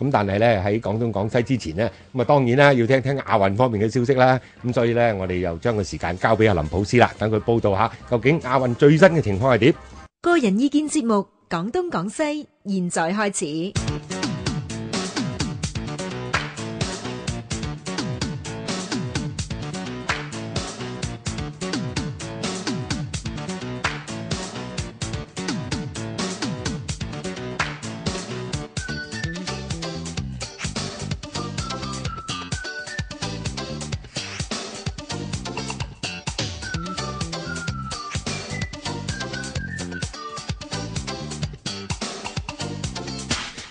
咁但係咧喺廣東廣西之前呢，咁啊當然啦，要聽聽亞運方面嘅消息啦。咁所以呢，我哋又將個時間交俾阿林普斯啦，等佢報道下究竟亞運最新嘅情況係點。個人意見節目《廣東廣西》現在開始。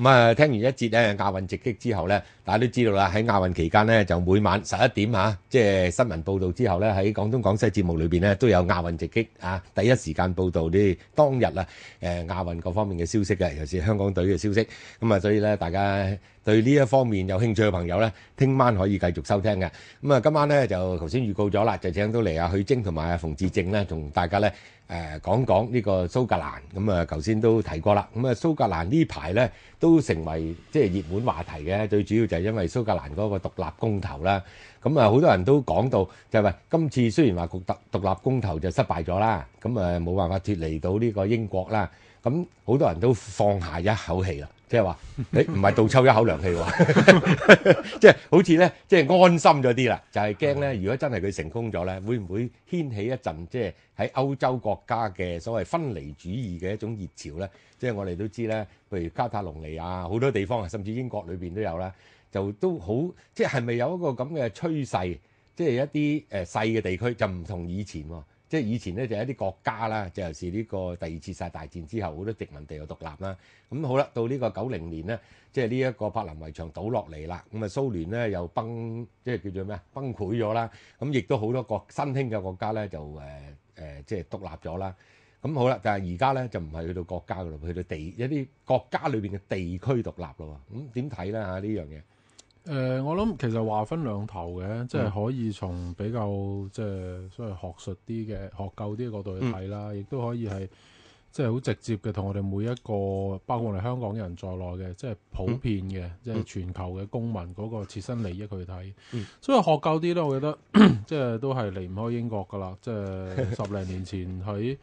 咁啊，聽完一節咧亞運直擊之後咧，大家都知道啦。喺亞運期間咧，就每晚十一點嚇，即係新聞報道之後咧，喺廣東廣西節目裏邊咧都有亞運直擊啊，第一時間報導啲當日啊，誒亞運各方面嘅消息嘅，尤其是香港隊嘅消息。咁啊，所以咧，大家對呢一方面有興趣嘅朋友咧，聽晚可以繼續收聽嘅。咁啊，今晚咧就頭先預告咗啦，就請到嚟阿許禎同埋阿馮智政咧，同大家咧。誒、呃、講講呢個蘇格蘭咁啊，頭、嗯、先都提過啦。咁、嗯、啊，蘇格蘭呢排咧都成為即係熱門話題嘅，最主要就係因為蘇格蘭嗰個獨立公投啦。咁、嗯、啊，好、嗯、多人都講到就係、是、話，今次雖然話獨獨獨立公投就失敗咗啦，咁啊冇辦法脫離到呢個英國啦。咁、嗯、好多人都放下一口氣啦。即係話，誒唔係倒抽一口涼氣喎，即係好似咧，即係安心咗啲啦。就係驚咧，如果真係佢成功咗咧，會唔會掀起一陣即係喺歐洲國家嘅所謂分離主義嘅一種熱潮咧？即係我哋都知咧，譬如加泰隆尼亞好多地方啊，甚至英國裏邊都有啦，就都好，即係係咪有一個咁嘅趨勢？即係一啲誒細嘅地區就唔同以前喎。即係以前咧就係一啲國家啦，就係是呢個第二次世界大戰之後好多殖民地又獨立啦。咁好啦，到呢個九零年咧，即係呢一個柏林圍牆倒落嚟啦。咁啊蘇聯咧又崩，即係叫做咩啊？崩潰咗啦。咁亦都好多國新興嘅國家咧就誒誒即係獨立咗啦。咁好啦，但係而家咧就唔係去到國家噶啦，去到地一啲國家裏邊嘅地區獨立咯。咁點睇咧嚇呢樣嘢？啊這個誒、呃，我諗其實話分兩頭嘅，即係可以從比較即係所謂學術啲嘅學究啲嘅角度去睇啦，亦都、嗯、可以係即係好直接嘅，同我哋每一個包括我哋香港人在內嘅，即係普遍嘅，嗯、即係全球嘅公民嗰個切身利益去睇。嗯、所以學究啲咧，我覺得、嗯、 即係都係離唔開英國噶啦，即係十零年前喺。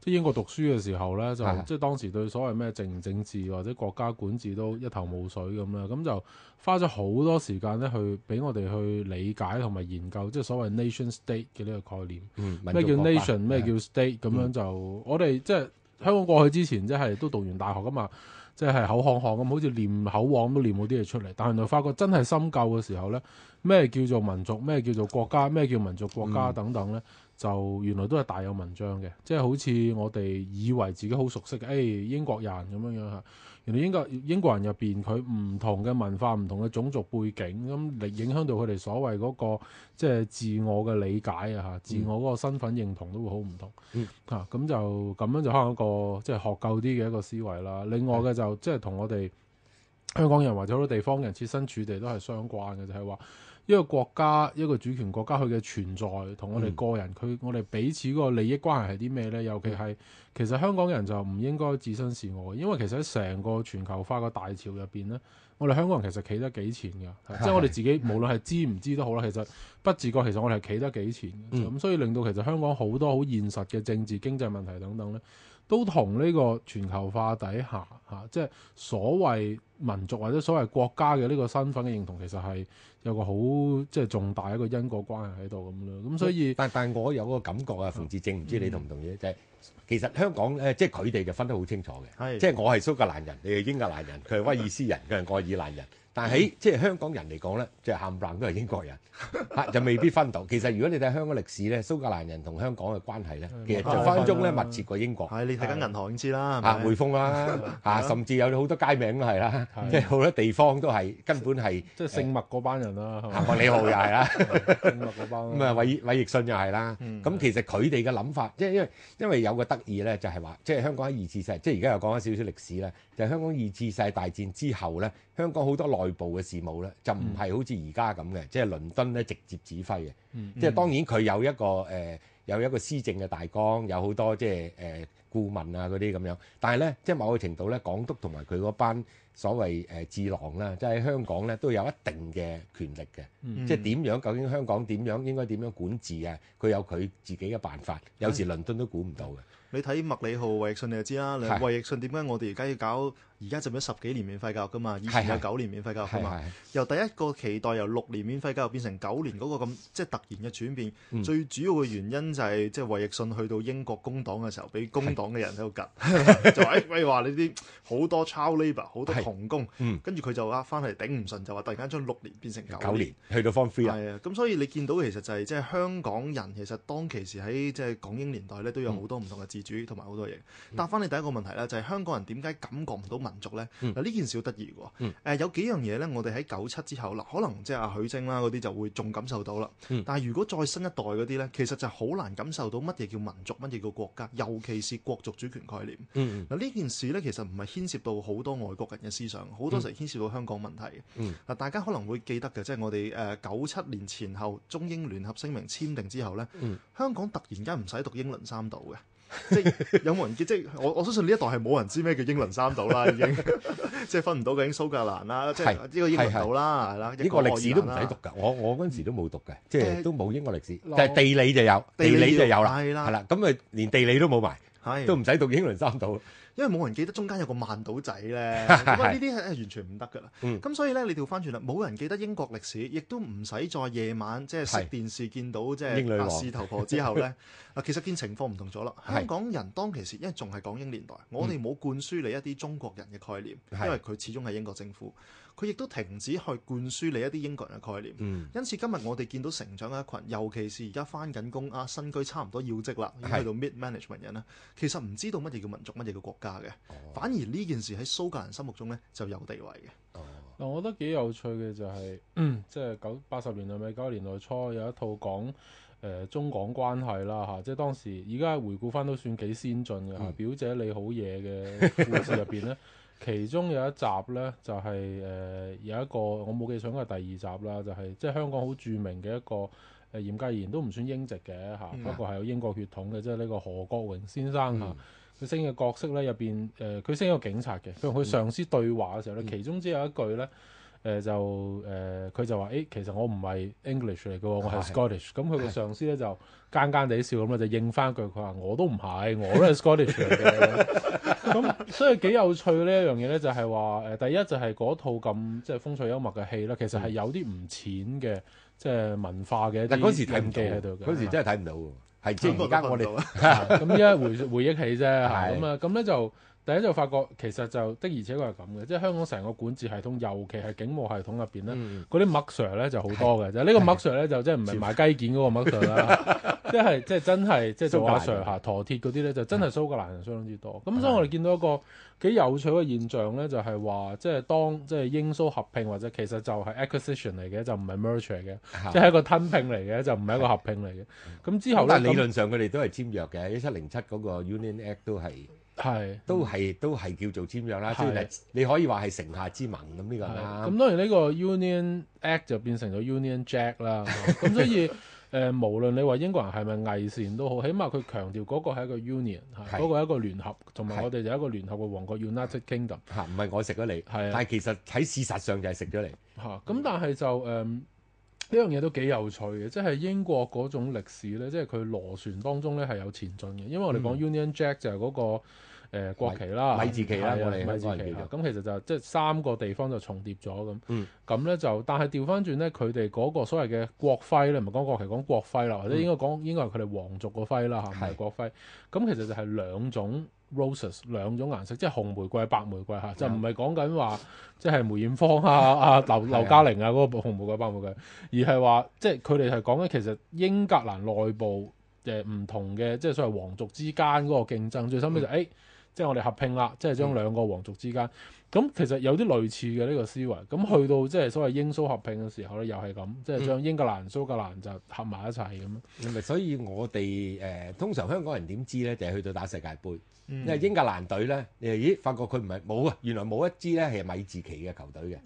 即英國讀書嘅時候咧，就即當時對所謂咩政唔政治或者國家管治都一頭霧水咁啦，咁就花咗好多時間咧去俾我哋去理解同埋研究，即所謂 nation state 嘅呢個概念，咩、嗯、叫 nation，咩叫 state，咁、嗯、樣就我哋即、就是、香港過去之前即、就、係、是、都讀完大學噶嘛，即、就、係、是、口乾乾咁，好似唸口簧都唸到啲嘢出嚟，但係就發覺真係深究嘅時候咧，咩叫做民族，咩叫做國家，咩叫民族國家等等咧。嗯就原來都係大有文章嘅，即係好似我哋以為自己好熟悉嘅，誒、哎、英國人咁樣樣嚇，原來英國英國人入邊佢唔同嘅文化、唔同嘅種族背景，咁、嗯、嚟影響到佢哋所謂嗰、那個即係自我嘅理解啊嚇，自我嗰個身份認同都會好唔同。嗯，咁、啊、就咁樣就可能一個即係學究啲嘅一個思維啦。另外嘅就的即係同我哋香港人或者好多地方人，設身處地都係相關嘅，就係、是、話。一個國家，一個主權國家佢嘅存在同我哋個人，佢我哋彼此嗰個利益關係係啲咩呢？嗯、尤其係其實香港人就唔應該置身事外，因為其實喺成個全球化嘅大潮入邊呢，我哋香港人其實企得幾前㗎，是的 即係我哋自己是的 無論係知唔知都好啦，其實不自覺其實我哋係企得幾前，咁、嗯、所以令到其實香港好多好現實嘅政治經濟問題等等呢，都同呢個全球化底下嚇，即係所謂。民族或者所謂國家嘅呢個身份嘅認同，其實係有個好即係重大一個因果關係喺度咁樣，咁所以但但係我有個感覺啊，馮智政唔知你同唔同意？就係、嗯、其實香港咧，即係佢哋就分得好清楚嘅，係。即係我係蘇格蘭人，你係英格蘭人，佢係威爾斯人，佢係愛爾蘭人。但喺即係香港人嚟講咧，即係冚唪唥都係英國人嚇，就未必分到。其實如果你睇香港歷史咧，蘇格蘭人同香港嘅關係咧，其實就分鐘咧密切過英國。係你睇間銀行你知啦，嚇匯豐啦，嚇甚至有好多街名係啦，即係好多地方都係根本係即係姓麥嗰班人啦，亞伯李浩又係啦，姓麥嗰班咁啊，衛衛奕信又係啦。咁其實佢哋嘅諗法，即係因為因為有個得意咧，就係話即係香港二次世，即係而家又講緊少少歷史咧，就係香港二次世大戰之後咧。香港好多內部嘅事務咧，就唔係好似而家咁嘅，即係倫敦咧直接指揮嘅。即係當然佢有一個誒，有一個施政嘅大綱，有好多即係誒顧問啊嗰啲咁樣。但係咧，即係某個程度咧，港督同埋佢嗰班所謂誒智囊啦，即係香港咧都有一定嘅權力嘅。即係點樣？究竟香港點樣應該點樣管治啊？佢有佢自己嘅辦法，有時倫敦都估唔到嘅。你睇麥理浩、衛奕信你就知啦。衛奕信點解我哋而家要搞？而家就咗十幾年免費教育㗎嘛，以前有九年免費教育㗎嘛，是是是是由第一個期待由六年免費教育變成九年嗰個咁即係突然嘅轉變，嗯、最主要嘅原因就係即係衛奕信去到英國工黨嘅時候，俾工黨嘅人喺度夾，就話喂，話你啲好多 child labor 好多童工，跟住佢就壓翻嚟，頂唔順，就話突然間將六年變成九年，九年去到 Form 3啊，咁所以你見到其實就係即係香港人其實當其時喺即係港英年代咧都有好多唔同嘅自主同埋好多嘢。答翻你第一個問題啦，就係、是、香港人點解感覺唔到民族咧，嗱呢、嗯、件事好得意喎。有幾樣嘢咧，我哋喺九七之後，嗱可能即係阿許禎啦嗰啲就會仲感受到啦。嗯、但係如果再新一代嗰啲咧，其實就好難感受到乜嘢叫民族，乜嘢叫國家，尤其是國族主權概念。嗱呢、嗯、件事咧，其實唔係牽涉到好多外國人嘅思想，好多時牽涉到香港問題。嗱、嗯嗯、大家可能會記得嘅，即、就、係、是、我哋誒九七年前後中英聯合聲明簽訂之後咧，嗯、香港突然間唔使讀英倫三島嘅。 即係有冇人，即係我我相信呢一代係冇人知咩叫英倫三島啦，已經 即係分唔到究竟經蘇格蘭啦，即係呢個英倫島啦，係啦。英國歷史都唔使讀㗎，我我嗰陣時都冇讀嘅，即係都冇英國歷史，呃、但係地理就有，地理就有啦，係啦，咁咪的的連地理都冇埋。是都唔使讀英倫三島，因為冇人記得中間有個曼島仔咧。咁啊，呢啲係係完全唔得噶啦。咁、 嗯、所以咧，你調翻轉啦，冇人記得英國歷史，亦都唔使再夜晚 是即係熄電視見到即係英女皇頭婆之後咧。啊，其實見情況唔同咗啦。是香港人當其時因為仲係港英年代，嗯、我哋冇灌輸你一啲中國人嘅概念，是因為佢始終係英國政府。佢亦都停止去灌輸你一啲英國人嘅概念，嗯、因此今日我哋見到成長嘅一群，尤其是而家翻緊工啊，身居差唔多要職啦，喺度 mid management 人啦，其實唔知道乜嘢叫民族，乜嘢叫國家嘅，哦、反而呢件事喺蘇格蘭心目中咧就有地位嘅。哦，嗱，我覺得幾有趣嘅就係即係九八十年代咪九十年代初有一套講誒、呃、中港關係啦，嚇，即係當時而家回顧翻都算幾先進嘅嚇，嗯、表姐你好嘢嘅故事入邊咧。 其中有一集呢，就係、是、誒、呃、有一個我冇記錯應該係第二集啦，就係、是、即係香港好著名嘅一個誒、呃、嚴格言都唔算英籍嘅嚇，啊嗯啊、不過係有英國血統嘅，即係呢個何國榮先生嚇。佢、嗯啊、升嘅角色呢，入邊誒，佢升一個警察嘅，佢同佢上司對話嘅時候呢，嗯、其中只有一句呢，誒、呃、就誒，佢、呃、就話誒、欸、其實我唔係 English 嚟嘅，我係 Scottish 的。咁佢嘅上司呢，就奸奸地笑咁就應翻句，佢話我都唔係，我都係 Scottish 嚟嘅。 咁所以幾有趣呢一樣嘢咧，就係話誒，第一就係嗰套咁即係風趣幽默嘅戲啦，其實係有啲唔淺嘅，即係文化嘅一啲。但嗰時睇唔到喺度，嗰時真係睇唔到喎，係即係而家我哋咁依家回 回憶起啫嚇，咁啊咁咧就。喺度發覺其實就的，而且確係咁嘅，即係香港成個管治系統，尤其係警務系統入邊咧，嗰啲 Mac 咧就好多嘅。就係呢個 Mac 咧，就即係唔係買雞件嗰個 Mac 啦，即係即係真係即係做阿 Sir 嚇，陀鐵嗰啲咧就真係蘇格蘭人相當之多。咁所以我哋見到一個幾有趣嘅現象咧，就係話即係當即係英蘇合併或者其實就係 acquisition 嚟嘅，就唔係 merger 嘅，即係一個吞併嚟嘅，就唔係一個合併嚟嘅。咁之後咧，理論上佢哋都係簽約嘅，一七零七嗰個 union act 都係。係是，都係都係叫做簽約啦，即係是你可以話係城下之盟咁呢是個啱、啊。咁當然呢個 Union Act 就變成咗 Union Jack 啦。咁 所以誒、呃，無論你話英國人係咪偽善都好，起碼佢強調嗰個係一個 Union，嗰是個係一個聯合，同埋我哋就係一個聯合嘅王國是 United Kingdom 嚇，唔係我食咗你，係，是但係其實喺事實上就係食咗你嚇。咁但係就誒。嗯呢樣嘢都幾有趣嘅，即係英國嗰種歷史呢，即係佢螺旋當中呢係有前進嘅，因為我哋講 Union Jack 就係嗰個。誒、呃、國旗啦，米字旗啦，我哋米字旗咁其實就即、是、係、就是、三個地方就重疊咗咁。咁咧就，但係調翻轉咧，佢哋嗰個所謂嘅國徽咧，唔係講國旗，講國徽啦，或者應該講、嗯、應該係佢哋皇族個徽啦嚇，唔係是國徽。咁其實就係兩種 roses 兩種顏色，即係紅玫瑰、白玫瑰嚇、嗯，就唔係講緊話即係梅艷芳啊、啊劉劉嘉玲啊嗰、那個紅玫瑰、白玫瑰，而係話即係佢哋係講緊其實英格蘭內部誒唔同嘅即係所謂皇族之間嗰個競爭。最深尾就是、誒。哎哎哎哎哎哎哎即係我哋合併啦，即係將兩個皇族之間咁，嗯、其實有啲類似嘅呢、呢個思維。咁去到即係所謂英蘇合併嘅時候咧，又係咁，即係將英格蘭、蘇格蘭就合埋一齊咁咯。唔、嗯、所以我哋誒、呃、通常香港人點知咧？就係、是、去到打世界盃。嗯、因為英格蘭隊咧，你咦發覺佢唔係冇啊，原來冇一支咧係米字旗嘅球隊嘅，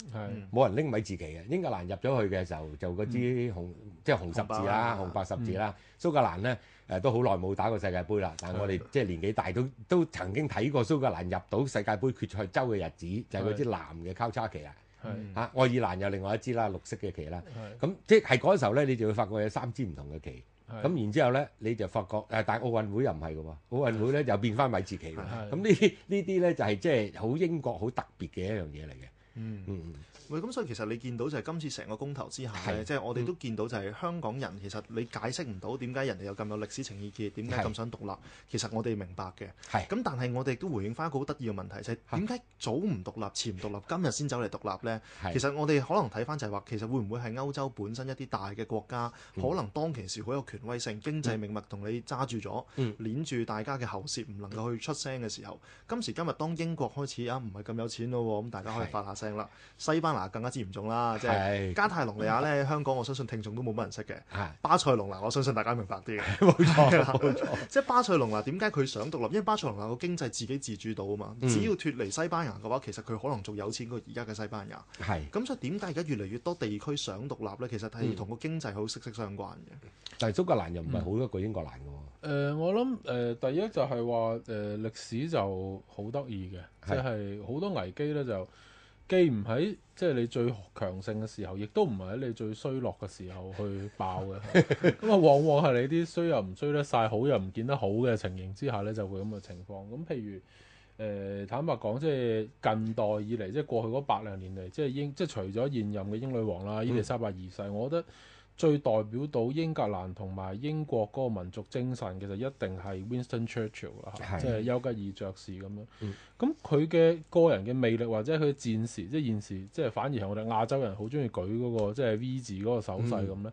冇、嗯、人拎米字旗嘅。英格蘭入咗去嘅時候，就嗰支紅、嗯、即係紅十字啦，紅八，嗯、紅八十字啦。蘇格蘭咧。誒都好耐冇打過世界盃啦，但係我哋即係年紀大都都曾經睇過蘇格蘭入到世界盃決賽周嘅日子，就係嗰支藍嘅交叉旗啦。係嚇愛爾蘭又另外一支啦，綠色嘅旗啦。係咁即係嗰時候咧，你就會發覺有三支唔同嘅旗。係咁然之後咧，你就發覺但係奧運會又唔係嘅喎，奧運會咧又變翻米字旗。係咁呢啲呢啲咧就係即係好英國好特別嘅一樣嘢嚟嘅。嗯嗯嗯。唔咁、嗯、所以其實你見到就係今次成個公投之下咧，即係是我哋都見到就係香港人其實你解釋唔到點解人哋有咁有歷史情意結，點解咁想獨立？是其實我哋明白嘅。咁是但係我哋都回應翻一個好得意嘅問題，就係點解早唔獨立，遲唔獨立，今日先走嚟獨立咧是？其實我哋可能睇翻就係話其實會唔會係歐洲本身一啲大嘅國家，是可能當其時好有權威性、經濟命脈同你揸住咗，是嗯。攆住大家嘅喉舌，唔能夠去出聲嘅時候，今時今日當英國開始啊，唔係咁有錢咯，咁大家可以發下聲啦。西班更加之嚴重啦，即係加泰隆尼亞咧，香港我相信聽眾都冇乜人識嘅。巴塞隆拿我相信大家明白啲嘅，冇錯冇錯。即係巴塞隆拿點解佢想獨立？因為巴塞隆拿個經濟自己自主到啊嘛，只要脫離西班牙嘅話，其實佢可能仲有錢過而家嘅西班牙。係咁，所以點解而家越嚟越多地區想獨立呢？其實係同個經濟好息息相關嘅。但係蘇格蘭又唔係好一個英國蘭嘅喎。誒，我諗誒，第一就係話誒歷史就好得意嘅，即係好多危機咧就。既唔喺即係你最強盛嘅時候，亦都唔係喺你最衰落嘅時候去爆嘅。咁啊， 往往係你啲衰又唔衰得曬，好又唔見得好嘅情形之下呢，就會咁嘅情況。咁譬如、呃、坦白講，即係近代以嚟，即係過去嗰百零年嚟，即係英，即係除咗現任嘅英女王啦，伊麗莎白二世，我覺得。最代表到英格蘭同埋英國嗰個民族精神，其實一定係 Winston Churchill 啦，即係丘吉爾爵士咁樣。咁佢嘅個人嘅魅力或者佢嘅戰士，即係現時，即係反而係我哋亞洲人好中意舉嗰、嗰個即係 V 字嗰個手勢咁咧。誒、嗯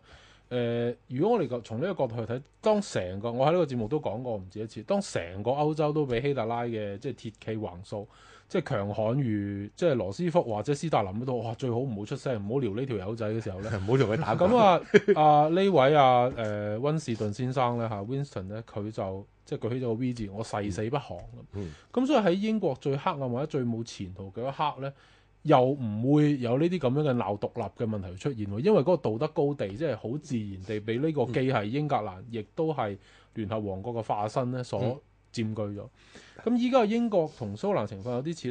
呃，如果我哋從呢個角度去睇，當成個我喺呢個節目都講過唔止一次，當成個歐洲都俾希特拉嘅即係鐵騎橫掃。即係強悍如即係羅斯福或者斯大林嗰度，哇！最好唔好出聲，唔好撩呢條友仔嘅時候咧，唔好同佢打。咁 啊啊呢位啊誒温、呃、温士頓先生咧嚇，温士頓咧佢就即係舉起咗個 V 字，我誓死不降咁、嗯。所以喺英國最黑暗或者最冇前途嘅一刻咧，又唔會有呢啲咁樣嘅鬧獨立嘅問題出現喎，因為嗰個道德高地即係好自然地俾呢個既係英格蘭，亦都係聯合王國嘅化身咧所。嗯佔據咗，咁依家個英國同蘇蘭情況有啲似。